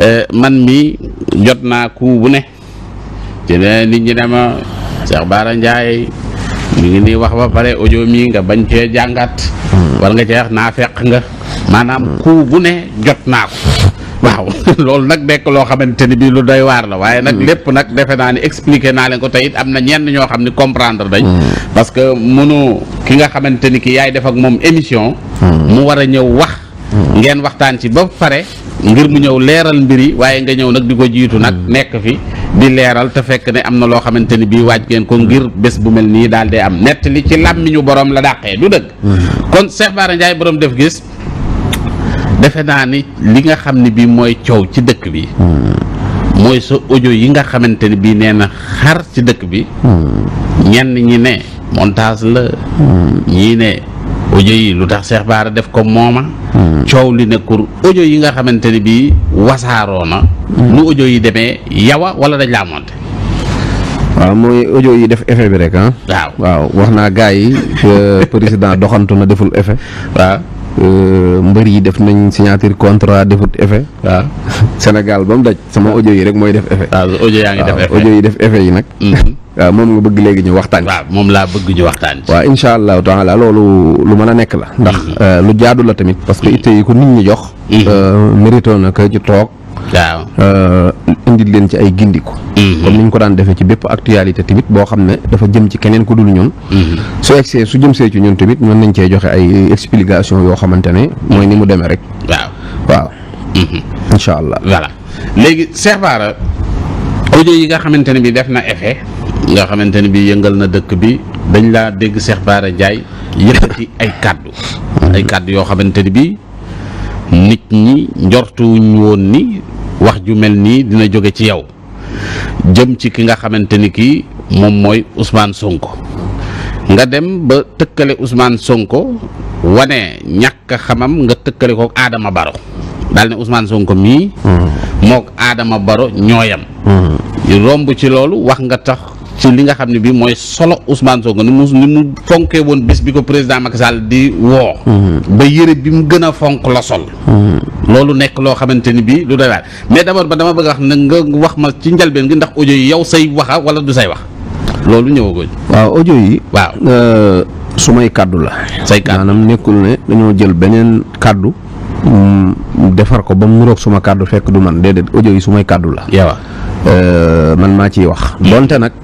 Eh, man mi jot naa ku bu ne ci ne nit ñi dama Cheikh Bara Ndiaye mi ngi nii wax ba pare audio mi nga bañ cee jàngat war nga cee naa fekk nga maanaam ku bu ne jot naa ko waaw loolu nag nekk loo xamante ni bii lu day waar la waaye nag lépp nag defe naa ni expliquer naa leen ko tey it am na ñenn ñoo xam ni comprendre dañ hmm. parce que mënu ki nga xamante ni ki yaay def ak moom émission hmm. mu war a ñëw wax hmm. ngeen waxtaan ci ba pare ngir mu ñëw leeral mbir yi waaye nga ñëw nag di ko jiitu nag mm. nekk fi di leeral te fekk ne am na loo xamante ni bii waaj ngeen ko ngir mm. bés bu mel nii daal dee am nettali li ci làmmiñu boroom la dàqee du dëgg mm. kon Cheikh Bara boroom def gis defe naa ni li nga xam ni bii mooy coow ci dëkk bi mooy sa ojo yi nga xamante ni bii nee na xar ci dëkk bi ñenn ñi ne montage la ñii ne ojo yi lu tax Cheikh Bara def ko mooma hmm. coow li nekkul ojo yi nga xamante ni bii wasaaroo na ojo hmm. audio yi demee yawa wala dañ laa monté waaw mooy ojo yi def effet bi rek ah waaw wax naa gars yi président doxantu na deful effet waaw euh, mbër yi def nañ signature contrat defut effet. waaw Sénégal ba mu daj sama audio yi rek mooy def effet. waaw audio yaa ngi def effet yi def effet yi nag. Mm-hmm. moom nga bëgg léegi ñu waxtaan waaw moom laa bëgg ñu waxtaan waaw incha allahu taala loolu lu mën a nekk la ndax mm-hmm. euh, lu jaadu la tamit parce que mm-hmm. itte yi ko nit ñi jox mm-hmm. euh, mérito na ko ñu toog waaw euh, indil leen ci ay gindiku comme ni ñu ko daan defee ci bépp actualité tamit boo xam ne dafa jëm ci keneen ku dul ñun su egsee su jëm see ci ñun tamit mën nañ e joxe ay explication yoo xamante ne mooy ni mu demee rek allah voilà léegi yi nga xamante ne bi def na nga xamante ne bi yëngal na dëkk bi dañ laa dégg Cheikh Bara Ndiaye yëkkati ay kàddu ay kàddu yoo xamante ni bi nit ñi njortuwuñ woon ni wax ju mel nii dina jóge ci yow jëm ci ki nga xamante ni kii moom mooy Ousmane Sonko nga dem ba tëkkale usmaan Sonko wane ñàkk xamam nga tëkkale ko Adama Baro dal ne Ousmane Sonko mii hmm. mook Adama Baro ñooyam hmm. romb ci loolu wax nga tax su li nga xam ne bii mooy solo Ousmane Sonko ni mu ni mu fonkee woon bés bi ko président Macky Sall di woo. Mm-hmm. ba yëre bi mu gën a fonk la sol. Mm-hmm. loolu nekk loo xamante ni bii lu doy waar mais d'abord ba dama bëgg wax na nga wax ma ci njalbeen gi ndax audio yi yow say waxa wala du say wax loolu ñëwagoo. waaw audio yi. waaw euh, sumay kàddu la. say kàddu maanaam nekkul ne dañoo jël beneen kàddu. Mm, defar ko ba mu niroog suma kàddu fekk du man déedéet audio yi sumay may kàddu la. Euh, man maa ciy wax hmm.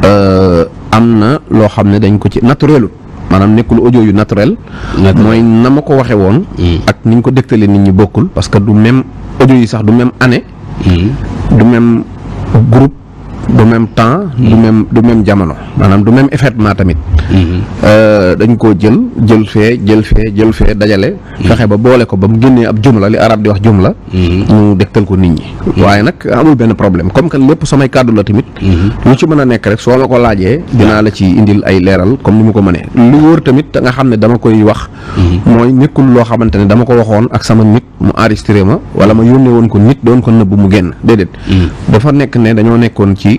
Euh, am na loo xam ne dañ ko ci naturelu maanaam nekkul audio yu naturel. mooy na ma ko waxee woon. Hmm. ak ni ñu ko dégtalee nit ñi bokkul. parce que du même audio yi sax du même année. Hmm. du même groupe du même temps du hmm. même du même jamono maanaam du même événement tamit hmm. euh, dañ koo jël jël fee jël fee jël fee dajale hmm. fexe ba boole ko ba mu génnee ab jumla li arab di wax jumla ñu dégtal ko nit ñi waaye nag amul benn problème comme que lépp samay kàddu la tamit lu ci mën a nekk rek soo ma ko laajee dinaa la ci indil ay leeral comme ni mu ko mënee lu wóor tamit nga xam ne dama koy wax mooy nekkul loo xamante ne dama ko waxoon ak sama nit mu enregistré ma wala ma yónnee woon ko nit doon ko nëbb mu génn déedéet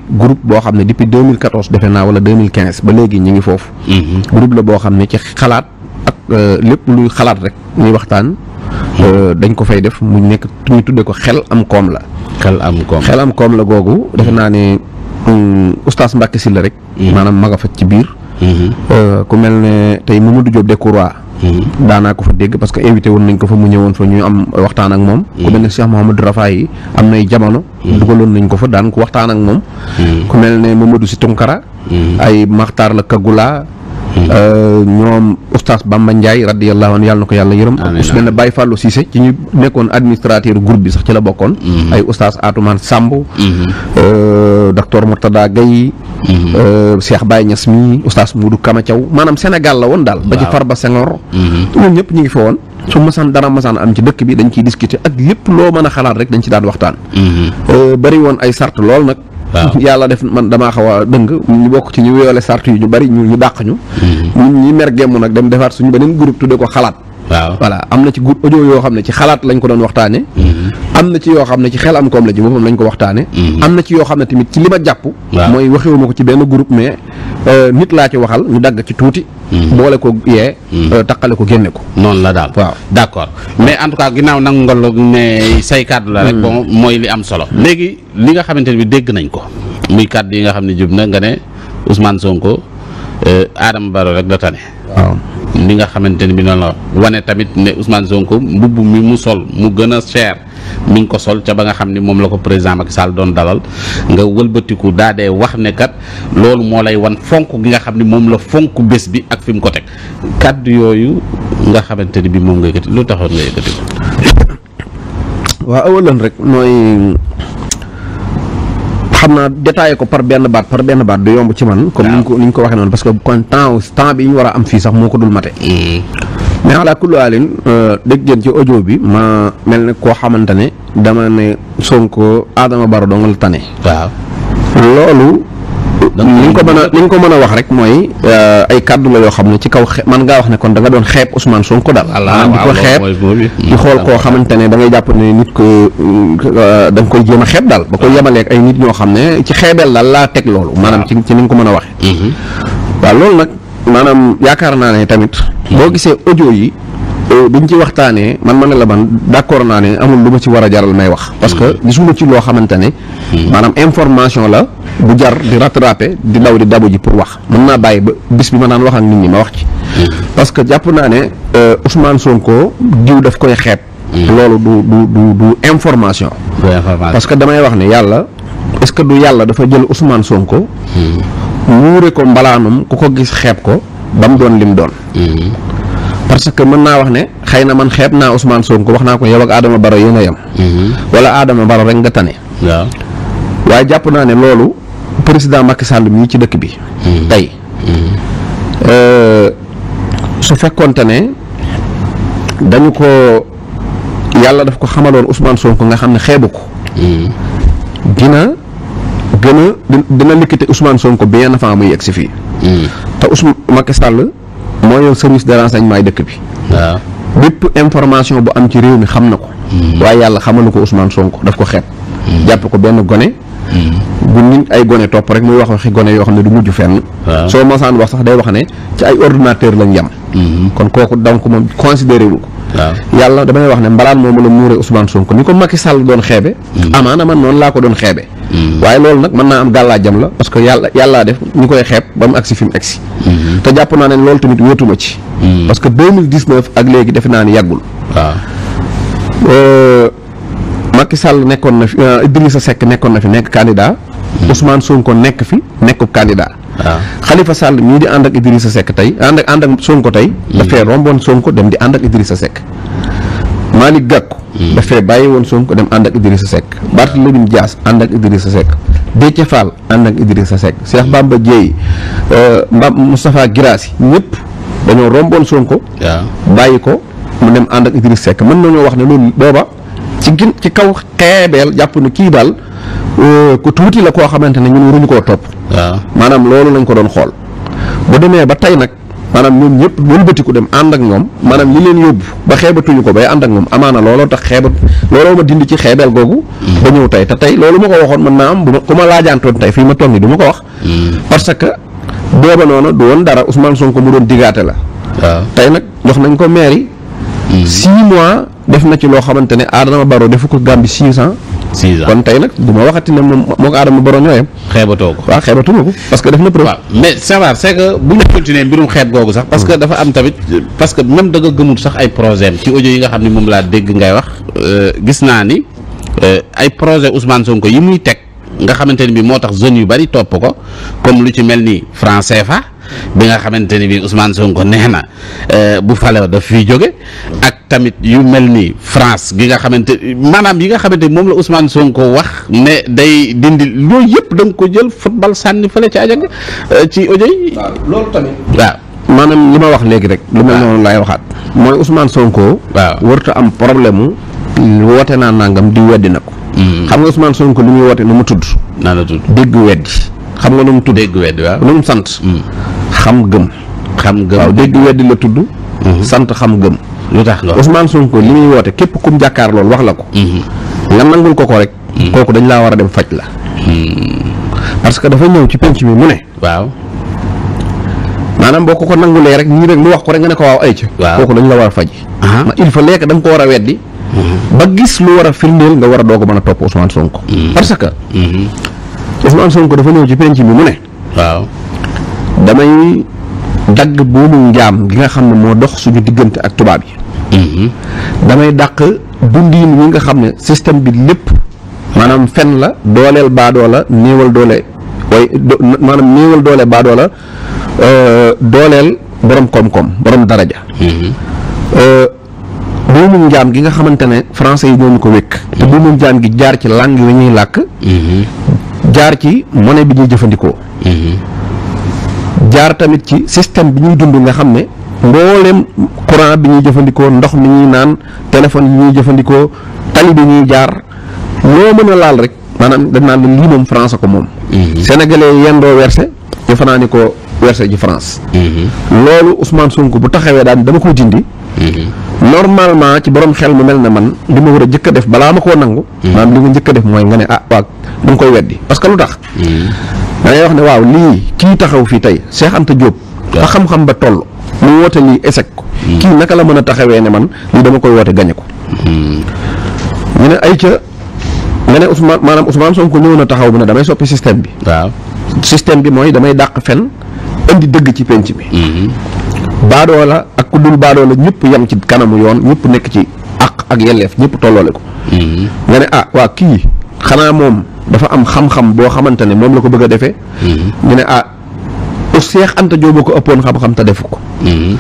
ci groupe boo xam ne depuis 2014 defe naa wala 2015 ba léegi ñu ngi foofu. Mhm. groupe la boo xam ne ci xalaat ak euh, lépp luy xalaat rek ñuy waxtaan. Mhm. Euh, dañ ko fay def mu nekk ñu ko xel am koom la. xel am koom xel am koom la googu defe naa ne mm, oustaz Mbacke Sylla rek. Mhm. maanaam maga fa ci biir. Euh, ku mel ne tey Mamadou Diop Decroix. Mm-hmm. daanaa ko fa dégg parce que invité woon nañ ko fa mu ñëwoon fa ñu am waxtaan ak moom mm-hmm. ku mel ne Cheikh Mouhamadou Rafaay am nay jamono mm-hmm. dugaloon nañ ko fa daan waxtaan ak moom ku mel ne Mamadou Si Tunkara ay Maxtaar la Kagula euh, ñoom oustaz Bamba Ndiaye radiyallahu anhu yàlla na ko yàlla yërëm su mel ne Baye Fallou Cissé ci ñu nekkoon administrateur groupe bi sax ci la bokkoon ay oustaz Atoumane sàmb euh, docteur Mourtada Gaye mhm. euh, Cheikh Baye Niass mi oustaz Moudou Kama Thiaw maanaam Sénégal la woon daal ba ci Farba Senghor mhm. ñoom ñëpp ñu ngi fi woon su masaan dara masaan am ci dëkk bi dañ ciy discuter ak lépp loo mën a xalaat rek dañ ci daan waxtaan mhm. euh, bari woon ay sart lool nag waaw yàlla def man damaa xaw a dëng ñu bokk ci ñu weole sart yu ñu bari ñu ñu dàq ñu ñun ñi mer gémm nag dem defaat suñu beneen groupe tudde ko xalaat waaw voilà am na ci gudd audio yoo xam ne ci xalaat lañ ko doon waxtaane mm-hmm. am na ci yoo xam ne ci xel am koom la ji boppam lañ ko waxtaane mm-hmm. am na ci yoo xam ne tamit ci li ma jàpp mooy waxewu ma ko ci benn groupe mais euh, nit laa ci waxal ñu dagg ci tuuti mm-hmm. boole ko yee euh, taqale ko génne ko noonu la daal waaw d' accord mais en tout cas ginnaaw nag ngol ne say kàddu la rek bon mooy li am solo léegi li nga xamante ne bi dégg nañ ko muy kàddu yi nga xam ne jub na nga ne Ousmane Sonko euh, Adama Barrow rek da tane li nga xamante ni bi noonu la wane tamit ne Ousmane Sonko mbubb mi mu sol mu gën a cher mi ngi ko sol ca ba nga xam ni moom la ko président ak Sall doon dalal nga wëlbatiku daa dee wax ne kat loolu moo lay wan fonk gi nga xam ni moom la fonk bés bi ak fi mu ko teg kàddu yooyu nga xamante ni bi moom nga yëkkati lu taxoon nga yëkkati ko. waaw awalan rek xam naa détaillé ko par benn baat par benn baat du yomb ci man. comme ni ñu ko ni ñu ko waxee noonu parce que kon temps temps bi ñu war a am fii sax moo ko dul mate. Mm. mais ala kulli haalin euh, dégg ngeen ci audio bi ma mel na koo xamante ne dama ne Sonko Adama Barrow dong la tane. waaw loolu. donc li nga ko mën a li nga ko mën a wax rek mooy euh, ay kàddu la yoo xam ne ci kaw man ngaa wax ne kon da nga doon xeeb Ousmane ko daal maanaam di ko xeeb di xool koo xamante ne da ngay jàpp ne nit ko euh, da nga koy jéem a daal ba ko yemaleek ay nit ñoo xam ne ci xeebeel daal laa teg loolu maanaam ci ci ni ñu ko mën a waxe mm-hmm. waaw loolu nag maanaam yaakaar naa ne tamit boo gisee audio yi Euh, biñ ci waxtaanee man ma ne la man d'accord naa ne amul lu ma ci war a jaral may wax. parce que hmm. gisuma ci loo xamante ne. Hmm. maanaam information la bu jar di rattraper di daw di dabu ji pour wax mën naa bàyyi ba bis bi ma naan wax ak nit ñi ma wax ci. Hmm. parce que jàpp naa ne euh, Ousmane Sonko diw daf koy xeeb. loolu du du du du information. parce que damay wax ne yàlla est-ce que du yàlla dafa jël Ousmane Sonko. muure ko mbalaanam ku ko gis xeeb ko ba mu doon lim doon. parce que mën naa wax ne xëy na man xeeb naa Ousmane Sonko wax naa ko yow ak Adama Baro yéen a yem. Mm-hmm. wala Adama Baro rek nga tane. waaw waaye jàpp naa ne loolu président Macky Sall mii ci dëkk bi. Mm-hmm. tey mm-hmm. Euh, su fekkonte ne dañu ko yàlla def ko xamaloon Ousmane Sonko nga xam ne xeebu ko. dina gën a dina likkite Ousmane Sonko bien avant muy yegg si fii. te Ousmane Macky Sall. moo yor service de renseignement yi dëkk bi. waaw bépp information bu am ci réew mi xam na ko. Hmm. waaye yàlla xamalu ko Ousmane Sonko daf ko xeeb. Hmm. jàpp ko benn gone. Hmm. bu nit ay gone topp rek muy wax waxi gone yoo xam ne du mujj fenn. soo mosaan wax sax day wax ne ci ay ordinateur lañ yem. kon kooku donc moom considéré wu ko. waaw yàlla damay wax ne mbalaan moom la muuree Ousmane Sonko ni ko Macky Sall doon xeebe. amaana man noonu laa ko doon xeebe. Mm-hmm. waaye loolu nag mën naa am gàllaajam la parce que yàlla yàllaa def ñu koy xeeb ba mu agsi fi mu agsi mm-hmm. te jàpp naa ne loolu tamit wéetuma ci mm-hmm. parce que 2019 ak léegi defe naa ni yàggul waaw euh, Macky Sall nekkoon na fi euh, sa Seck nekkoon na fi nekk candidat Ousmane ko nekk fi nekkub candidat waaw Khalifa Sall ñii di ànd ak sa Seck tey ànd ak ànd ak Sonko tey dafee romboon Sonko dem di ànd ak Idrissa sekk Malick Gakou. Hmm. dafay bàyyi woon ko dem ànd ak Idrissa Seck. Barthélémy Dias ànd ak Idrissa Seck. Déthié Fall ànd ak Idrissa Seck. Cheikh Bamba Dièye euh, Mbam Moustapha Guirassy ñëpp dañoo romboon soon Sonko. bàyyi ko mu dem ànd ak Idrissa Seck mën nañoo wax ne loolu booba ci gin ci kaw xeebeel jàpp na kii daal euh, ku tuuti la koo xamante ne ñun waruñu koo topp. maanaam loolu lañ ko doon xool bu demee ba tey nag. maanaam ñoom ñëpp ku dem ànd ak moom maanaam li leen yóbbu ba xeebatuñu ko bay ànd ak ñoom amaana looloo tax xeebat looloo ma dindi ci xeebeel googu ba ñëw tey te tey loolu ma ko waxoon mën naa am bu ma ku ma laajaantoon tey fii ma toog ni du ma ko wax parce que booba noonu du woon dara Ousmane ko mu doon digaate la tey nag jox nañ ko mairie hmm. six mois def na ci loo xamante ne Adama Barrow defu ko Gambie six ans six kon tey nag du ma waxati ne moom moo ko aadama borom ñooyam. xeebatoo ko waa xeebatu ko parce que def na preuve. waaw mais savoir c'est que bu ñu continuer mbirum xeet googu sax. parce que dafa am tamit parce que même danga nga gëmul sax ay projet ci ojo yi nga xam ne moom laa dégg ngay wax euh, gis naa ni euh, ay projet Ousmane Sonko yi muy teg nga xamante ne bi moo tax jeunes yu bari topp ko comme lu ci mel ni franc fa bi nga xamante ni bii Ousmane Sonko neex na euh, bu falew daf fiy jóge ak tamit yu mel ni France gi nga xamante maanaam yi nga xamante moom la Ousmane Sonko wax ne day dindi loolu yëpp da nga ko jël football sànni fale ci ajang euh, ci audio yi. waaw loolu maanaam li ma wax léegi rek. lu mel noonu laay waxaat. mooy Ousmane Sonko. waaw warta am problème mu. woote naa nangam di weddi na ko. Mm. xam nga Ousmane Sonko li muy woote na mu tudd. naa la tudd dégg weddi. xam nga nu mu tudd dégg weddi waaw nu mu sant mm. xam gëm xam gëm waaw dégg weddi la tudd mm-hmm. sant xam gëm lu tax loolu Ousmane Sonko li muy woote képp kum jàkkaar loolu wax la ko mm-hmm. nga nangul ko ko rek mm-hmm. kooku dañ laa war a dem faj la parce que dafa ñëw ci penc mi mu ne waaw maanaam boo ko ko rek ñii rek mu wax ko rek nga ne ko waaw ay dañ la war a faj ma il faut lekk ko war a weddi ba gis lu war a firndeel nga war a doog a mën a topp Ousmane Sonko parce que Ousmane Sonko dafa ñëw ci penc bi mu ne. waaw damay dagg buumu njaam gi nga xam ne moo dox suñu diggante ak tubaab yi. Mm-hmm. damay dàq dundiin wi nga xam ne système bi lépp maanaam fen la dooleel baadoo la néewal doole way néewal doole baadoo la euh, dooleel borom koom-koom borom daraja. Mm-hmm. Euh, buumu njaam gi nga xamante ne français yi ñoo ñu ko wékk. Mm-hmm. te buumu njaam gi jaar ci langue yi ñuy làkk. jaar ci monnaie bi ñuy jëfandikoo. Mhm. jaar tamit ci système bi ñuy dund nga xam ne mbooleem courant bi ñuy jëfandikoo ndox mi ñuy naan téléphone yi ñuy jëfandikoo tali bi ñuy jaar loo mën a laal rek maanaam dañ naan lii moom France ko moom. Mhm. sénégalais yi yendoo werse jëfanaani ko werse ji France. Mhm. loolu Ousmane Sonko bu taxawee daan dama ko dindi. normalement ci borom xel mu mel na man li ma war a jëkk def balaa ma koo nangu. Hmm. maanaam li ma njëkk def mooy nga ne ah waaw da nga koy weddi parce que lu tax. Hmm. da wax ne waaw lii kii taxaw fii tey seexanta Anta Diop. fa xam-xam ba toll mu woote lii échec ko. Hmm. kii naka la mën a taxawee ne man lii dama koy woote gañe ko. ñu ne ay ca nga ne Ousmane maanaam Ousmane Sonko ñëw na taxaw bu ne damay soppi système bi. waaw système bi mooy damay dàq fen indi dëgg ci penc bi. baadoola ak ku dul baadoola ñëpp yem ci kanamu yoon ñëpp nekk ci àq ak yelleef ñëpp tolloole ko. Mm-hmm. nga ne ah waa kii xanaa moom dafa am xam-xam boo xamante ne moom la ko bëgg a defee. Mm-hmm. ñu ne ah Seex Anta Jóob ko ëppoon xam-xam te defu ko. Mm-hmm.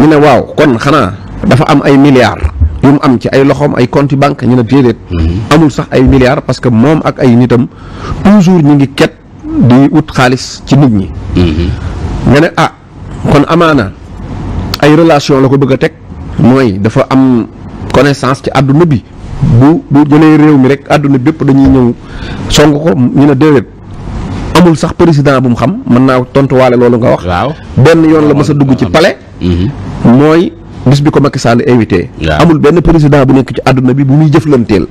ñu ne waaw kon xanaa dafa am ay milliards. yu am ci ay loxoom ay compte banque ñu ne déedéet. amul sax ay milliards parce que moom ak ay nitam toujours ñu ngi ket di wut xaalis ci nit ñi. nga ne ah kon amaana. ay relation la ko bëgg a teg mooy dafa am connaissance ci àdduna bi bu bu jëlee réew mi rek àdduna bépp dañuy ñëw song ko ñu ne déedéet amul sax président bu mu xam mën naa tontuwaale loolu nga wax. waaw benn yoon la mës a dugg ci palais. Mhm. mooy bis bi ko Macky Sall invité. amul benn président bu nekk ci àdduna bi bu muy jëflanteel.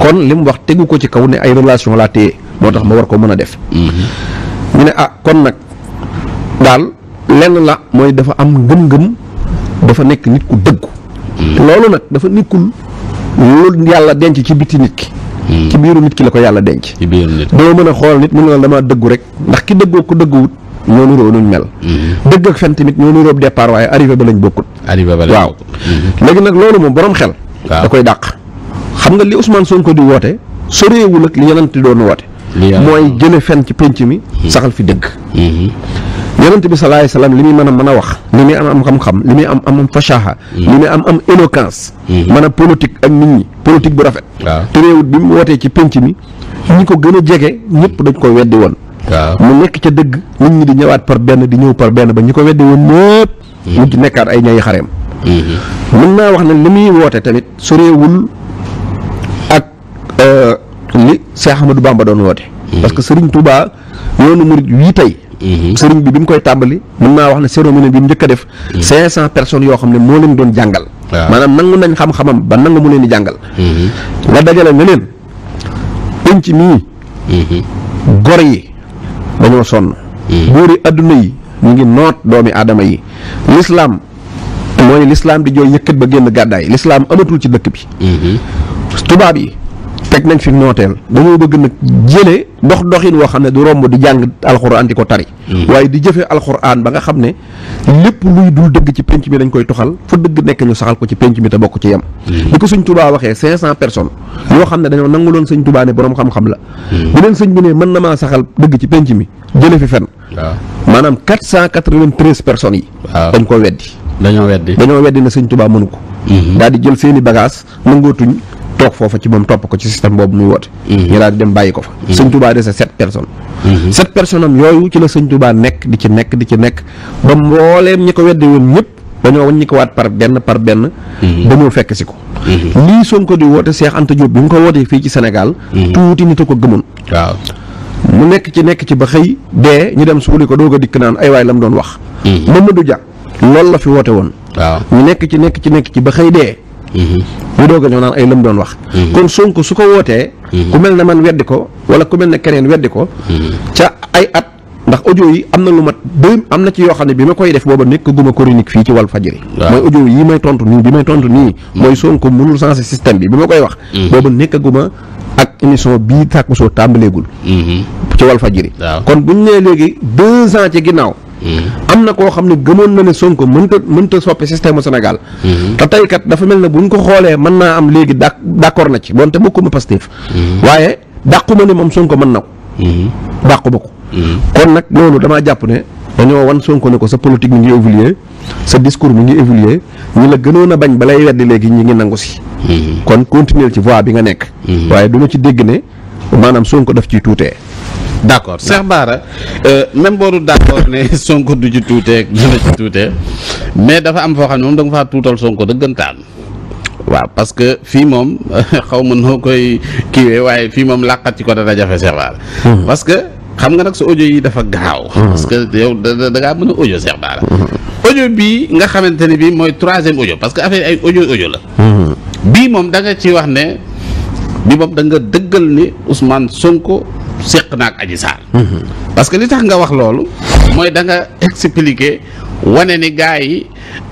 kon li mu wax tegu ko ci kaw ne ay relation laa téye moo tax ma war ko mën a def. Mhm. ñu ne ah kon nag daal lenn la mooy dafa am ngëm dafa nekk nit ku dëggu hmm. loolu nag dafa nekkul lu yàlla denc ci biti nit ki hmm. ci biiru nit ki la ko yàlla denc boo mën a xool nit mu ne la damaa dëggu rek ndax ki dëggoo ko dëgguwut ñoo nuroo nuñ mel hmm. dëgg ak fen tamit ñoo nuróob départ waaye arrivé ba lañ bokkut waaw léegi nag loolu moom borom xel da koy dàq xam nga li Ousmane ko di woote soreewul ak li yonent doon woote mooy jële fen ci pénc mi saxal fi dëgg yonent bi salaay salaam li muy mën a mën a wax li muy am am xam-xam li muy am am fasaha li muy am am éloquence mhm. maanaam politique ak nit ñi politique bu rafet te réewut bi mu wootee ci penc mi ñi ko gën a jege ñëpp dañ ko weddi woon mu nekk ca dëgg nit ñi di ñëwaat par benn di ñëw par benn ba ñi ko weddi woon ñëpp mhm. mujj nekkaat ay ñay xareem mhm. mën naa wax na li muy woote tamit soreewul ak euh, li Cheikh baam ba doon woote parce que Serigne Touba yoonu murid wii tey Mhm. sëriñ bi bi mu koy tàmbali mën naa wax ne cérémonie bi mu njëkk a def mhm. cinq cent personnes yoo xam ne moo leen doon jàngal maanaam nangu nañ xam-xamam ba nangu mu leen di jàngal mhm. nga dajale ne leen pénc mii gor yi dañoo sonn góor yi adduna yi ñu ngi noot doomi aadama yi lislaam mooy lislaam di jooy yëkkat ba génn gàddaay lislaam amatul ci dëkk bi tubaab yi teg nañ fi nooteel dañoo bëgg nag jëlee dox doxin woo xam ne du romb di jàng alxuraan di ko tari hmm. waaye di jëfee alxuraan ba nga xam ne lépp luy dul dëgg ci penc mi dañ koy toxal fa dëgg nekk ñu saxal ko ci penc mi te bokk ci yem di hmm. ko sëñ tubaa waxee cinq cent personnes yoo xam ne dañoo nangu loon sëñ tubaa xam-xam la hmm. bu leen sëñ bi ne na maa saxal dëgg ci penc mi jële fi fen maanaam quatre cent quatre-vingt-treize personnes yi dañ ko weddi dañoo weddi na sëñ tubaa mënu ko daal di jël seeni bagage nangootuñ toog foofa ci moom topp ko ci système boobu muy woote mhm. ñu daal di dem bàyyi ko fa mhm. sëñ Touba dese sept personnes mhm. sept personnes am yooyu ci la sëñ nekk di ci nekk di ci nekk ba mbooleem ñi ko weddi woon ñëpp dañoo wañ ñi par benn par benn dañoo fekk si ko lii Sonko di woote Cheikh Anta Diop bi mu ko wootee fii ci Sénégal tuuti nit a ko mu nekk ci nekk ci ba xëy dee ñu dem suuli ko doog a dikk naan ay waay la mu doon wax Mamadou Dia loolu la fi woote woon waaw ñu nekk ci nekk ci nekk ci ba xëy dee ñu doog a ñëw naan ay lëm doon wax. Mhm. kon Sonko su ko wootee. Mhm. ku mel ne man weddi ko wala ku mel ne keneen weddi ko. Mhm. ca ay at ndax audio yi am na lu mat deux am na ci yoo xam ne bi ma koy def booba nekk guma chronique fii ci wal fajiri mooy audio yi may tontu nii bi may tontu nii. mooy Sonko mënul sensé système bi bi ma koy wax. booba nekk guma ak émission bii tàkkusoo tàmbaleegul. ci wal fajiri kon buñ nee léegi deux ans ci ginnaaw. am na koo xam ne gëmoon na ne Sonko mënta mënta soppi système mu Sénégal. Mhm. te tey kat dafa mel ne buñ ko xoolee mën naa am léegi d' d'accord na ci bon te bokkuma Pastef. Mhm. waaye dàqu ma ne moom Sonko mën na ko. Mhm. dàqu ma ko. kon nag loolu damaa jàpp ne dañoo wan Sonko ne ko sa politique mi ngi évoluer sa discours mi ngi évoluer ñi la gënoon a bañ balay weddi léegi ñi ngi nangu si. kon continuer ci voie bi nga nekk. waaye duma ci dégg ne maanaam Sonko def ci tuutee. d' accord Cheikh Bara euh, même booru d' accord ne Sonko du ci tuutee dina ci tuutee mais dafa am foo xam ne moom da nga faa tuutal Sonko dëggantaan waaw parce que fii moom xaw ma noo koy kiiwee waaye fii moom làqat ci ko dana jafe Cheikh Bara hmm. parce que xam nga nag sa audio yi dafa gaaw hmm. parce que yow da ngaa mën a audio Cheikh Bara hmm. audio bii nga xamante ne bii mooy troisième audio parce que affaire ay audio audio la bii moom da nga ci wax ne bi moom da nga dëggal ni Ousmane Sonko séq naag Adji Sarr parce que li tax nga wax loolu mooy danga nga expliquer wane ni gars yi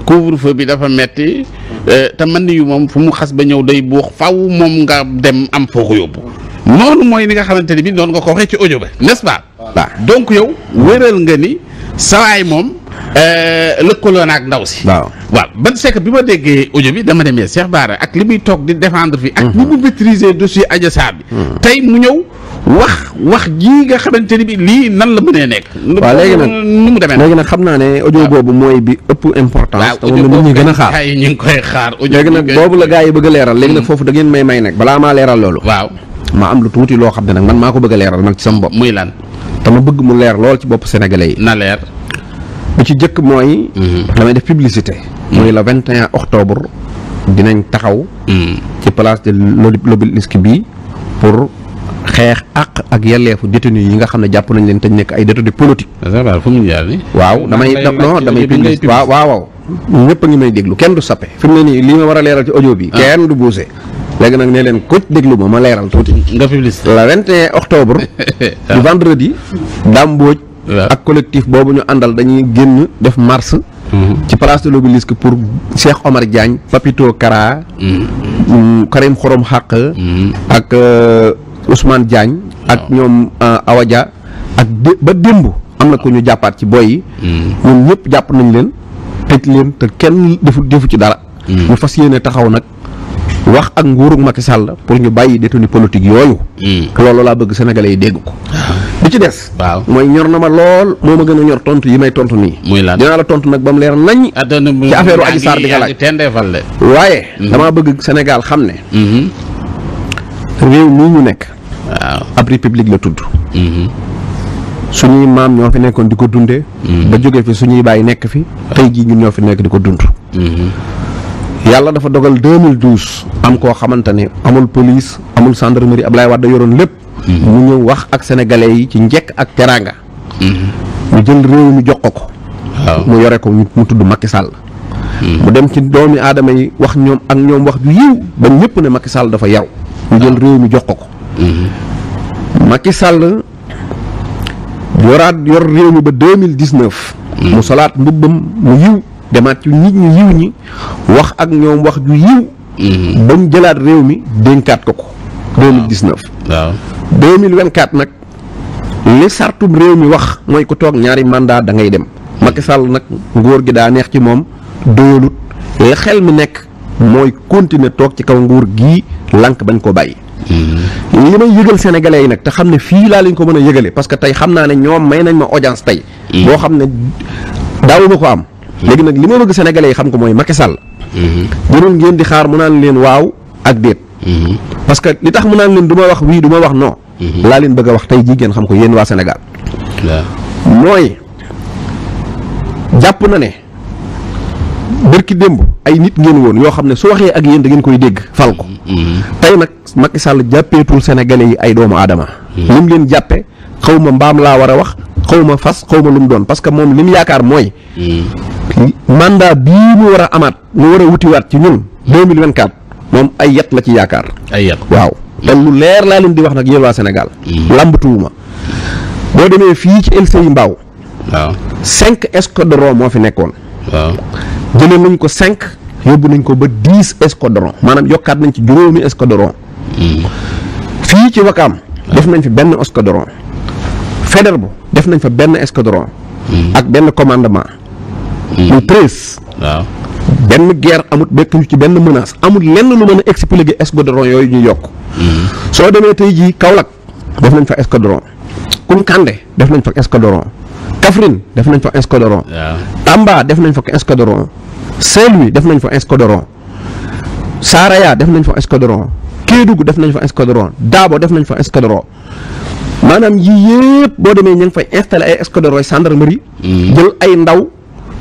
couvre-feu bi dafa metti euh, te man ni yu moom fu mu xas ba ñëw day buux faw moom nga dem am foo ko yóbbu noonu mooy ni nga xamante ni bi noonu nga ko waxee ci ojo ba n'est-ce pas waaw donc yow wéral nga ni sawaay moom euh, lëkkaloo na ak ndaw si waaw waaw ban sekk bi ma déggee ojo bi dama demee Cheikh Bara ak li muy toog di defendre fi ak ni mu maîtriser dossier Adji bi tey mu ñëw wax wax jii nga xamante ni bi lii nan la mënee nekk. waaw léegi nag nu mu demee xam naa ne audio boobu mooy bi ëpp importance. waaw audio boobu gën a xaar gars yi ñu xaar. audio léegi nag boobu la gars yi bëgg a leeral. léegi nag mm. foofu dangeen may may nag balaa maa leeral loolu. waaw ma am lu tuuti loo xam ne nag man maa ko bëgg a leeral man ci sama bopp. muy te ma bëgg mu leer lool ci bopp sénégalais yi. na leer. bu ci jëkk mooy. Mm-hmm. damay def publicité. muy le 21 octobre dinañ taxaw. Mm. ci place de l'obélisque bi pour xeex ak ak yelleefu détenu yi nga xam ne jàpp nañ leen te ñu nekk ay détenu politique. waaw damay non damay public waaw waaw ñëpp a ngi may déglu kenn du sappe fi mu nii li ma war a leeral ci audio bi. Ah. kenn du buuse. léegi nag ne leen ko déglu ma ma leeral tuuti. nga publicité le 21 octobre. Ah. du vendredi. Dame ak collectif boobu ñu àndal dañuy génn def mars. Mm-hmm. ci place de l'obélisque pour Cheikh Omar Diagne. Papito Kara. Mm-hmm. Mm, Karim Xorom Xaq. Mm-hmm. ak. Euh, Ousmane Diagne ak ñoom euh, Awa Dia ak ba démb am na ko ñu jàppaat ci boy yi hmm. ñoom ñëpp jàpp nañ leen tëj leen te kenn defu defu ci dara hmm. ñu fas yéene taxaw nag wax ak ma Macky Sall pour ñu bàyyi détenu politique yooyu hmm. loolu laa bëgg senegal yi dégg ko li ah. ci des waaw mooy ñor na ma lool moo ma gën a ñor tontu yi may tontu nii dinaa la tontu nag ba mu leer nañ ah, ci affaire Adji Sarr di nga laaj waaye damaa bëgg Sénégal xam ne réew mii ñu nekk waaw abri public la tudd. Mhm. suñuy maam ñoo fi nekkoon di ko dundee. Mhm. ba jóge fi suñuy bàyyi nekk fi. tey jii ñun ñoo fi nekk di ko dund. Mhm. yàlla dafa dogal 2012 am koo xamante ne amul police amul gendarmerie Ablaye Wade yoroon lépp. mu ñëw wax ak sénégalais yi ci njekk ak teraanga. mu jël réew mi jox ko ko. mu yore ko mu tudd Macky Sall. mu dem ci doomi aadama yi wax ñoom ak ñoom wax ju yiw ba ñëpp ne Macky Sall dafa yaru. mu jël réew mi jox ko. Macky Sall yoraat yor réew mi ba deux mille dix neuf. Hmm. mu solaat mbubbam mu yiw demaat ci nit ñi yiw ñi wax ak ñoom wax ju yiw. Hmm. ba jëlaat réew mi dénkaat ko ko. deux mille dix neuf. mille vingt quatre nag li sartum réew mi wax mooy ko toog ñaari mandat da ngay dem. Hmm. Macky Sall nag nguur gi daa neex ci moom doyalut li mi nekk mooy continuer toog ci kaw nguur gi lànk bañ ko bàyyi. li may yëgal sénégalais yi nag te xam ne fii laa lañ ko mën a yëgale parce que tey xam naa ne ñoom may nañ ma audience tey. Mm. boo xam ne daawuma ko am. Mm. léegi nag li ma bëgg sénégalais yi xam ko mooy Macky la jarul mm-hmm. ngeen di xaar mu naan leen waaw ak déet. Mm-hmm. parce que li tax mu naan leen du ma wax wii du ma wax non. Mm-hmm. laa leen bëgg a wax tey jii ngeen xam ko yéen waa Sénégal. mooy jàpp na ne bërki démb ay nit ngeen woon yoo xam ne su waxee ak yéen da ngeen koy dégg fal ko. tey nag Macky Sall jàppeetul sénégalais yi ay doomu aadama. Hmm. li leen jàppe xaw ma mbaam laa war a wax xaw ma fas xaw ma lu mu doon parce que moom li mu yaakaar mooy. Hmm. mandat bii mu war a amaat mu war a wutiwaat ci ñun 2024 moom ay yat la ci yaakaar. ay waaw hmm. te lu leer laa leen di wax nag yéen waa Sénégal. làmbatuwuma boo demee fii ci LCI Mbao. waaw cinq escadron moo fi nekkoon. waaw nañ ko cinq yóbbu nañ ko ba dix escadron maanaam yokkaat nañ ci juróomi escadron. fii ci Wakaam. def nañ fi benn escadron. Faidherbe def nañ fa benn escadron. Mm. ak benn commandement. Mm. muy treize. waaw benn guerre amut bekkuñu ci benn menace amul lenn lu mën a expliquer escadron yooyu ñu yokk. Mm. soo demee tey jii Kaolack def nañ fa escadron. Koukandé def nañ fa escadron. Kaffrine def nañ fa escadron. Tamba def nañ fa escadron. Saint-Louis def nañ fa escadron. Saraya def nañ fa escadron. Kédougou def nañ fa escadron daabo def nañ fa escadron maanaam yii yëpp boo demee ñu ngi fay installé ay escadron gendarmerie. Mm. jël ay ndaw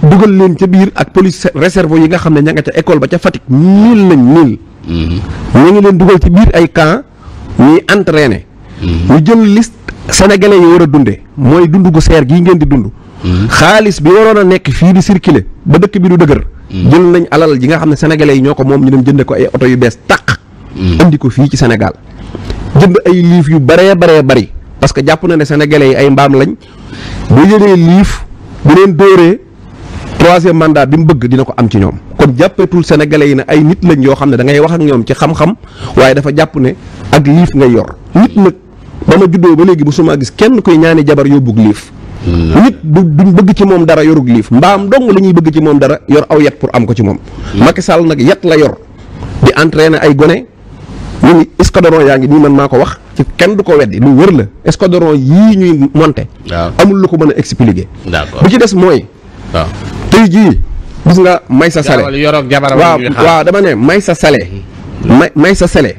dugal leen ca biir ak police réserve yi nga xam ne ña nga ca école ba ca Fatick mille lañ mille. Mm-hmm. ñu ngi leen dugal ci biir ay camp ñuy entraîné. Mm-hmm. ñu jël list sénégalais yi war a dundee mooy dund gu seer gii ngeen di dund. Mm-hmm. xaalis bi waroon a nekk fii di circuler ba dëkk bi du dëgër. jël nañ alal ji nga xam ne sénégalais yi ñoo ko moom ñu dem jënde ko ay oto yu bees tàq. Mm. indi ko fii ci senegal jënd ay liif yu baree baree bari parce que jàpp na ne sénégalais yi ay mbaam lañ boo jëlee liif bu leen dóoree troisième mandat bi mu bëgg dina ko am ci ñoom kon jàppeetul sénégalais yi ne ay nit lañ yoo xam ne da ngay wax ak ñoom ci xam-xam waaye dafa jàpp ne ak liif ngay yor nit nag ba ma juddoo ba léegi bu suma gis kenn koy ñaani jabar yóbbug liif mm. nit du duñ bëgg ci moom dara yorug liif mbaam dong la ñuy bëgg ci moom dara yor aw yet pour am ko ci moom mm. Macky Sall nag yet la yor di entraîner ay gone ñu ngi escadron yaa ngi nii man maa ko wax ci kenn du ko weddi lu wër la escadron yii ñuy monté. amul lu ko mën a expliquer. bu ci des mooy. waaw tey jii gis nga Maysa Saleh waaw waaw dama ne Maysa Saleh. Hmm. May sa Saleh.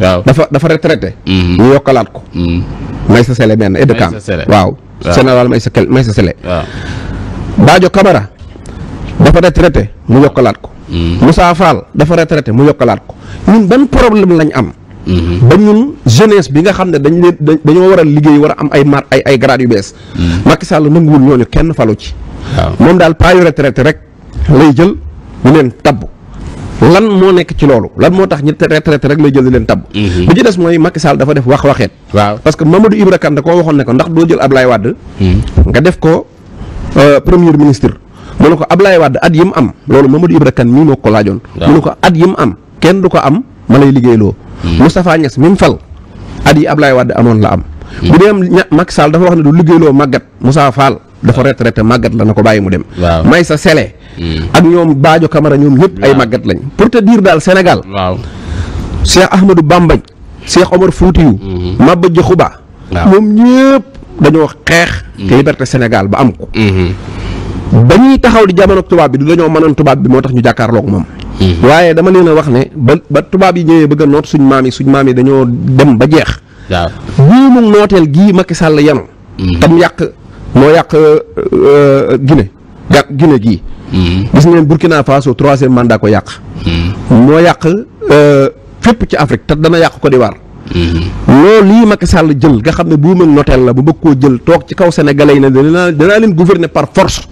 waaw dafa dafa retraité. Hmm. ñu yokkalaat ko. may hmm. Maysa Saleh benn aide de camp waaw. général Maysa Maysa sa waaw Badio Camara dafa retraité mu yokkalaat ko. Mm-hmm. Moussa faal dafa retraité mu yokkalaat ko ñun ban problème lañ am. Mm-hmm. ba ñun jeunesse bi nga xam ne dañ leen dañoo waral liggéey war a am ay mar ay ay yu bees. Mm-hmm. Macky Sall nanguwul ñooñu kenn falu ci. moom daal pas yu retraité rek lay jël ñu leen tabb. lan moo nekk ci loolu lan moo tax ñi retraité rek lay jël di leen tabb. bi ci des mooy Macky Sall dafa def wax waxeet. waaw parce que Mamadou Ibra Kane da koo waxoon ne ko ndax doo jël Ablaye Wade. nga def ko euh, premier ministre. mu ne ko Ablaye Wade at yi mu am loolu Mamadou Ibra Kane mii moo ko laajoon. mu ne ko at yi mu am kenn du ko am ma lay liggéeyloo. Hmm. Moustapha Niass mi mu fal at yi Ablaye Wade amoon la am. Hmm. bu dee am ña Macky Sall dafa wax ne du liggéeyloo màggat Moussa faal dafa retraité màggat la na ko bàyyi mu dem. waaw may sa sele. Hmm. ak ñoom Badio Camara ñoom ñëpp ay màggat lañ. pour te dire daal Sénégal. waaw Cheikh Ahmadou Bambañ. Cheikh Omar Foutiyou. Maba Diakhou Ba. waaw ñoom ñëpp dañoo xeex. te ba am ko. ba ñuy taxaw di jamono tubaab bi du dañoo mënoon tubaab bi moo tax ñu jàkkaarloog moom. Mhm. waaye dama leen a wax ne ba ba tubaab yi ñëwee bëgg a noot suñ maam yi suñ maam yi dañoo dem ba jeex. waaw buumu nooteel gii Macky sàll yanu. Mhm. tam yàq moo yàq euh, euh, Guinée. gàtt Guinée gii. Mhm. gis ngeen Burkina Faso troisième mandat ko yàq. moo yàq euh, fépp ci Afrique te dana yàq Côte d'Ivoire. loolu lii Macky sàll jël nga xam ne buumel noteel la bu bëgg koo jël toog ci kaw sénégalais yi ne danaa leen gouverner par force.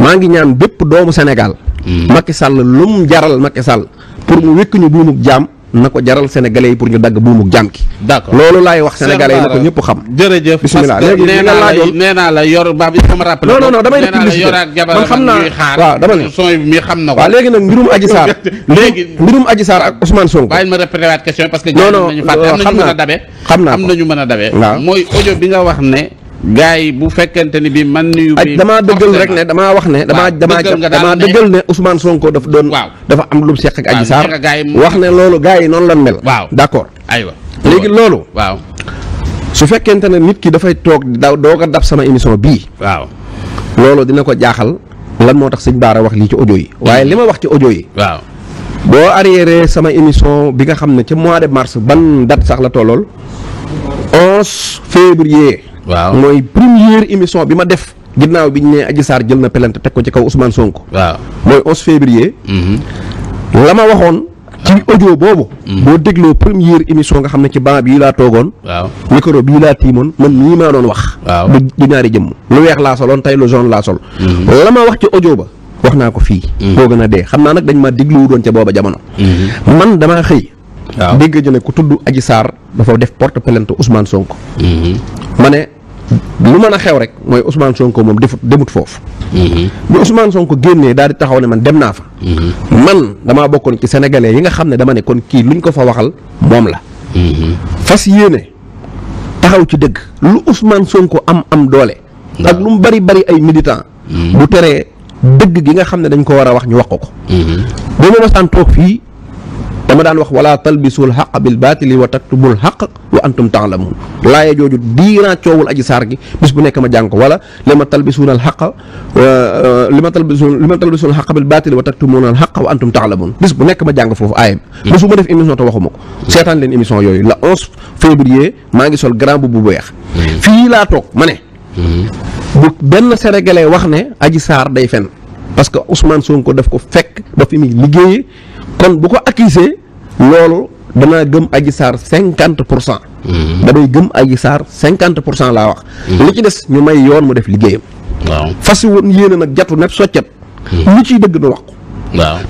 maa ngi ñaan bépp doomu Sénégal. Mm. Macky sàll lu mu jaral Macky Sall pour mu wékk ñu buumug jaam. na ko jaral sénégalais yi pour ñu dagg buumuk jaam ki d'accord loolu laay wax sénégalais yi na ko ñëpp xam jërëjëf bismillah léegi nee naa la nee naa ba sama rappel non non man xam naa waaw dama ne na ko waaw léegi nag mbirum Adji Sarr léegi mbirum Adji Sarr ak Ousmane Sonko bàyyi ma répété waat question parce que non non euh, xam naa am na mën a dabe am nañu mën a dabe waaw mooy audio bi nga wax ne gars yi bu fekkente ni bi man nuyu bi damaa dëggal rek ne damaa wax ne damaa damaa damaa dëggal ne Ousmane Sonko dafa doon waaw dafa am lu seq ak Adji Sarr wax ne loolu gars yi noonu lan mel waaw d'accord aywa léegi loolu waaw su fekkente ne nit ki dafay toog daw doog a sama émission bii waaw loolu dina ko jaaxal lan moo tax sëñ Baara wax lii ci audio yi waaye li ma wax ci audio yi waaw boo arriéré sama émission bi nga xam ne ca mois de mars ban date sax la tollool 11 février waaw mooy première émission bi ma def. ginnaaw bi ñu nee Adji Sarr jël na plainte teg ko ci kaw Ousmane Sonko. waaw mooy 11 février. Mhm. la ma waxoon. ci audio boobu. Mhm. boo dégloo première émission nga xam ne ci ban bii laa toogoon. waaw micro bii laa tiimoon man nii maa doon wax. waaw du ñaari jëmm. lu weex laa soloon tey lu jaune laa sol. Mhm. la ma wax ci ojo ba. wax naa ko fii. boo gën a dee xam naa nag dañ ma dégluwu doon ca booba jamono. man damaa xëy. waaw dégg ñu ne ku tudd Adji saar dafa def porte plainte Ousmane Sonko. Mhm. ma ne lu mën a xew rek mooy Ousmane Sonko moom defut demut foofu. Mhm. bu Ousmane Sonko génnee daal di taxaw ne man dem naa fa. Mhm. man damaa bokkoon ci sénégalais yi nga xam ne dama ne kon kii luñ ko fa waxal moom la. fas yéene taxaw ci dëgg lu Ousmane Sonko am am doole. ak lu mu bari bari ay militant bu teree dëgg gi nga xam ne dañ ko war a wax ñu wax ko ko. boo ma masaan toog fii. dama daan wax wala talbisul xaq bil baatili wa taktubul xaq wa antum taalamun laaye jooju diiraa coowul aji saar gi bis bu nekk ma jàng ko wala li ma eh, talbisuun al xaq li ma talbisuun li ma talbisuun al xaq bil baatili wa taktumuun al xaq wa antum taalamun bis bu nekk ma jàng foofu aaya bi ba su ma def émission te waxuma ko seetaan leen émission yooyu la 11 février maa ngi sol grand bu bu weex fii laa toog ma ne bu benn sénégalais wax ne aji saar day fen parce que Ousmane Sonko daf ko fekk ba fi muy liggéeyee kon bu ko accusé loolu danaa gëm Adji Sarr cinquante pour cent. Mm-hmm. damay gëm Adji Sarr cinquante pour cent laa wax. Mm-hmm. li ci des ñu may yoon mu def liggéeyam. waaw fas woon yéene nag jatu nepp soccet. Mm-hmm. lu ciy dëgg nu wax ko.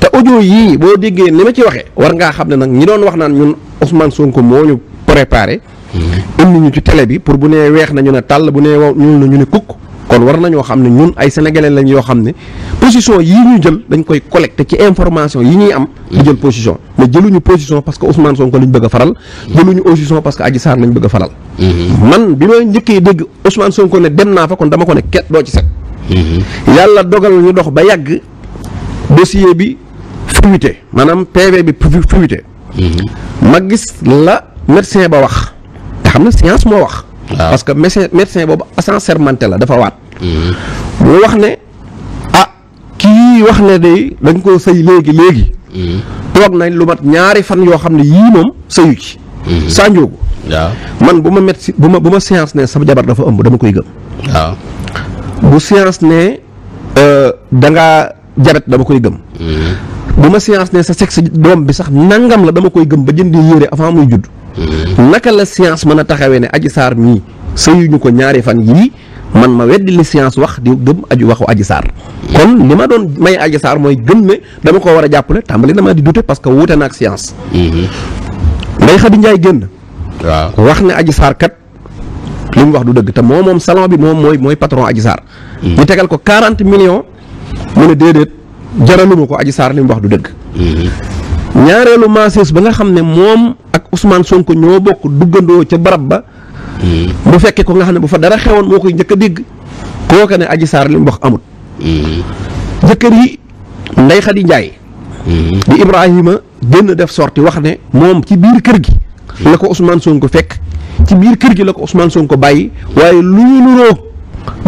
te ojo yii boo déggee ni ma ci waxee. war ngaa xam ne nag ñi doon wax naan ñun Ousmane Sonko moo ñu préparé. indi ñu ci tele bi pour bu nee weex na ñu ne tàll bu nee wow ñuul na ñu ne kukk. kon war nañoo xam ne ñun ay sénégalais lañ yoo xam ne position yi ñu jël dañ koy collecté ci information yi ñuy am ñu jël position mais jëluñu position parce que Ousmane Sonko lañ bëgg a faral jëluñu position parce que Adji Sarr lañ bëgg a faral mhm. man bi ma njëkkee dégg Ousmane Sonko ne dem naa fa kon dama ko ne ket doo ci set mhm. yàlla dogal ñu dox ba yàgg dossier bi fuité maanaam PV bi fuité mhm. ma gis la médecin ba wax te xam ne science moo wax parce que médecin médecin boobu assermenté la dafa waat mu kii wax na de dañ koo sëy léegi léegi. Mm-hmm. toog nañ lu mat ñaari fan yoo xam ne yii moom sëyu ci. Mm-hmm. saa njóogu man bu ma met bu ma bu ma séance ne sama jabar dafa ëmb dama koy gëm. waaw bu ne euh, da ngaa jabet dama koy gëm. Mm-hmm. bu ma séance ne sa sexe doom bi sax nangam la dama koy gëm ba jëndi yére avant muy judd. naka la séance mën a taxawee ne aji saar mii sëyuñu ko ñaari fan yii. man ma weddi li science wax di gëm aju waxu Adji Sarr kon li ma doon may Adji saar mooy gëm ne dama ko war a jàppale tàmbali damaa di douter parce que wuute na ak science. Ndeye Khady Ndiaye génn. waaw wax ne Adji Sarr kat li mu wax du dëgg te moo moom salon bi moom mooy mooy patron aji saar mm-hmm. ñu tegal ko 40 millions mu ne déedéet jaraluma ko Adji Sarr li mu wax du dëgg. Mm-hmm. ñaareelu maasees ba nga xam ne moom ak Ousmane Sonko ñoo bokk duggandoo ca barab ba. Hmm. bu fekkee ko nga xam ne bu fa dara xewoon moo koy njëkk a dégg kooka ne aji saar li mu wax amut hmm. jëkkër yi Ndey Xadi Njaay hmm. di Ibrahima génn def sorti wax ne moom ci biir kër gi la ko Ousmane Sonko fekk ci biir kër gi la ko Ousmane ko bàyyi waaye lu ñu nuroo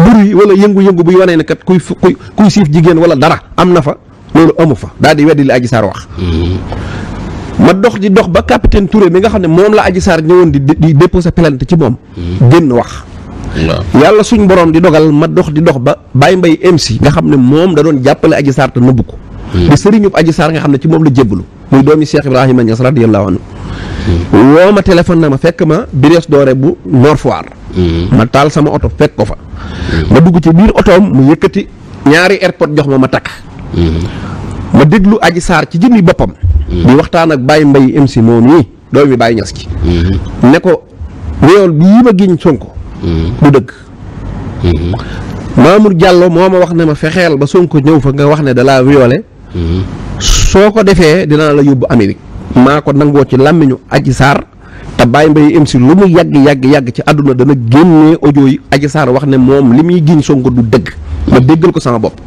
buru yi wala yëngu-yëngu bu wanee ne kuy kuy kuy siif jigéen wala dara am na fa loolu amu fa daal di weddi li aji saar wax ma dox di dox ba capitaine Touré mi nga xam ne moom la Adji Sarr ñëwoon di di sa plainte ci moom. Mm-hmm. génn wax. yàlla suñ borom di dogal ma dox di dox ba Baye Mbaye MC nga xam ne moom da doon jàppale Adji Sarr te nëbbu ko. Mm-hmm. di sëriñub Adji nga xam ne ci moom la jébbalu muy doomi Cheikh Ibrahima Niass radiyallahu anhu mm-hmm. woo ma téléphone na ma fekk ma Brioche doore bu Nord Foire. ma taal sama oto fekk ko fa. ma dugg ci biir otoom mu yëkkati ñaari airport jox ma ma takk. ma déglu Adji Sarr ci jëmmi boppam. di mm-hmm. waxtaan ak Baye Mbaye MC moom yi doom yi Baye Niass ci mm-hmm. ne ko réew bii ma giñ Sonko mm-hmm. du dëgg Mamour Diallo moo ma wax ne ma fexeel ba Sonko ñëw fa nga wax ne dalaa violé soo ko defee dinaa la yóbbu Amérique maa ko nangoo ci làmmiñu Adji Sarr te Baye Mbaye MC lu mu yàgg yàgg yàgg ci àdduna dana génnee audio yi Adji wax ne moom li muy giñ Sonko du dëgg ma déggal ko sama bopp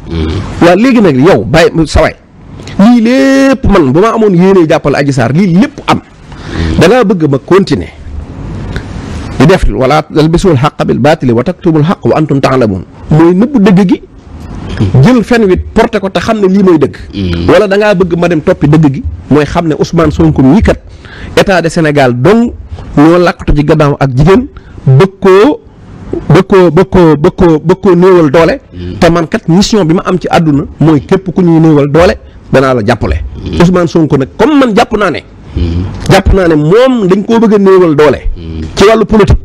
waaw léegi nag yow Baye sawaay lii lépp man bu ma amoon yéenee jàppal Adji Sarr lii lépp am dangaa bëgg ma continuer di def wala talbisul xaq bil baatili wa taktubul xaq wa antum taalamun mooy nëbbu dëgg gi jël fen wi porté ko te xam ne lii mooy dëgg mm. wala dangaa ngaa bëgg ma dem toppi dëgg gi mooy xam ne Ousmane Sonko mii kat état de senegal dong ñoo làkkatu ci gannaaw ak jigéen bëgg koo bëgg koo bëgg koo bëgg koo bëgg koo néewal doole mm. te man kat mission bi ma am ci àdduna mooy képp ku ñuy néewal doole danaa la jàppale. Hmm. Ousmane Sonko nag comme man jàpp naa ne. Hmm. jàpp naa ne moom dañ koo bëgg a néewal doole. Hmm. ci wàllu politique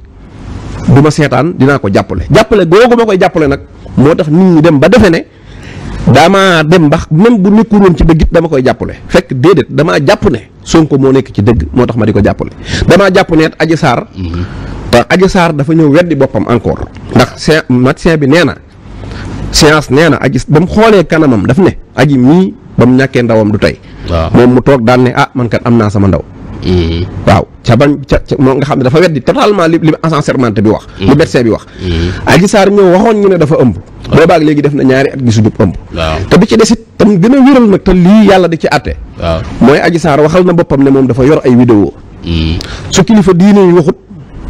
du ma seetaan dinaa ko jàppale jàppale googu ma koy jàppale nag moo tax nit ñi dem ba defe ne dama dem mbax même bu nekkul woon ci dëgg dama koy jàppale fekk déedéet damaa jàpp ne sonk moo nekk ci dëgg moo tax ma di ko jàppale damaa jàpp ne aji saar te Adji saar dafa ñëw weddi boppam encore. ndax médecin bi nee na science nee na Adji ba mu xoolee kanamam daf ne ba mu ñàkkee ndawam du tey. moom mu toog daal ne ah man kat am naa sama ndaw. Mm-hmm. waaw ca ban ca moom nga xam ne dafa wet weddi totalement li li ensermenté bi wax. li mm-hmm. médecin bi wax. Mm-hmm. Adji Sarr ñëw waxoon ñu ne dafa ëmb. waaw boobaag léegi def na ñaari at gisuñu ëmb. te bi ci des it tam gën a wéral nag te lii yàlla di ci àtte. mooy ajisaar waxal na boppam ne moom dafa yor ay vidéo. su kilifa diine yi waxut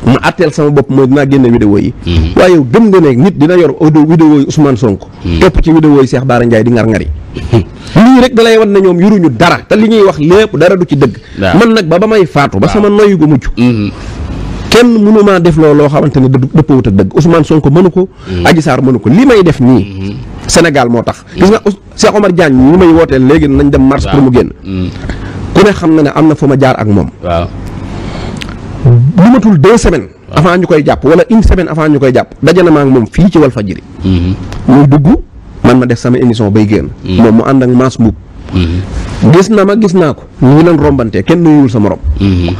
ma àtteel sama bopp mooy dinaa génne vidéo yi. waaye yow gëm nga ne nit dina yor audio vidéo yi Ousmane Sonko. topp ci vidéo yi Cheikh Bara Ndiaye di ngar lii rek da lay wan ne ñoom yuruñu dara te li ñuy wax lépp dara du ci dëgg man nag ba ba may faatu ba sama noyu gu mujj mm-hmm. kenn mënumaa def loolu loo xamante ne dëppawut a dëgg Ousmane Sonko mënu ko mm-hmm. Adji Sarr mënu ko li may def nii mm-hmm. Sénégal moo tax gis nga Cheikh Omar Diagne ñu may wooteel léegi nañ dem marche pour mu génn ku ne xam na ne am na fu ma jaar ak moom lu matul deux semaines avant ñu koy jàpp wala une semaine avant ñu koy jàpp daje na moom fii ci Walfadjri muy dugg man ma def sama émission bay génn. Mm. moom mu ànd ak maas mbubb mm-hmm. gis na ma gis naa ko ñu ngi leen rombante kenn nuyuwul sa morom. Mm-hmm.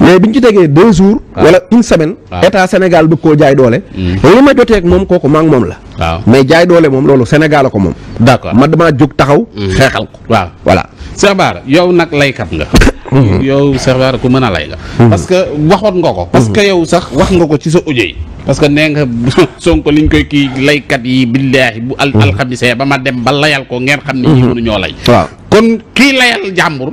mais bi biñ ci tegee deux jours. Ah. wala une semaine. Ah. état Sénégal bëgg koo jaay doole. Mm-hmm. li ma jotee ak moom kooku maa ngi moom la. waaw ah. mais jaay doole moom loolu Sénégal a ko moom. d'accord ma damaa jóg taxaw. xeexal ko. waaw voilà. Cheikh yow nag laykat nga. Mm-hmm. yow Cheikh ku mën a lay la mm-hmm. parce que waxoon nga ko mm-hmm. parce que yow sax wax nga ko ci sa audio yi parce que nee nga Sonko liñ koy kii laykat yi billaahi bu alxamisee ba ma dem ba layal ko ngeen xam ne ñi mënu ñoo lay waaw kon kii layal jàmbur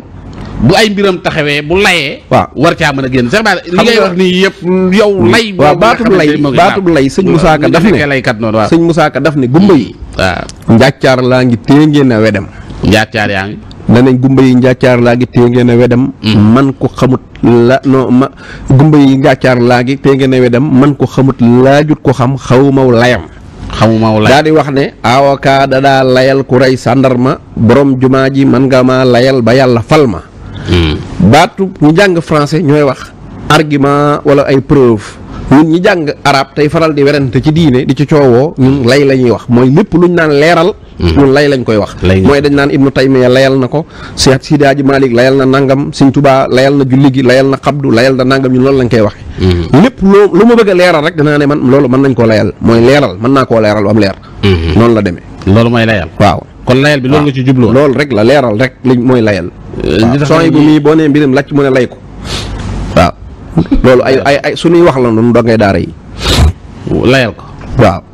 bu ay mbiram taxawee bu layee waaw war caa mën a génn Cheikh Bara li ngay wax nii yëpp yow lay waaw baatub lay baatub lay sëñ Moussa Ka daf ne laykat noonu waaw sëñ Moussa Ka daf yi waaw laa ngi téye a wedem njàccaar yaa ngi danañ gumba yi njaacaar laa gi tee ngeen a wedam mm-hmm. man ko xamut la no ma gumba yi njaacaar laa gi tee ngeen a man ko xamut laajut ko xam xaw maw layam xaw maw layam daa di wax ne avocat daa layal ku rey sàndarma borom jumaa ji man nga ma layal ba yàlla fal ma mm. baatu ñu jàng français ñooy wax argument wala ay preuve ñun ñi jàng arab tey faral di werante ci diine di ci coowoo ñun lay la ñuy wax mooy lépp lu ñu naan leeral loolu mm-hmm. lay lañ koy wax mooy dañ naan ibnu taymiya layal na ko seex sidi aji malik layal na nangam sëñ tubaa layal na julli gi layal na xabdu layal na nangam ñun loolu lañ koy waxe mm-hmm. lépp lu ma bëgg leeral rek danaa ne man loolu mën nañ koo layal mooy leeral mën naa koo leeral am leer mm-hmm. noonu la demee loolu mooy layal waaw kon layal bi loolu nga ci jubloo loolu rek la leeral rek li mooy layal eh, sooy bu mii boo nee mbiram lacc mu ne lay ko waaw loolu ay ay ay suñuy wax la noonu doo ngay daara layal ko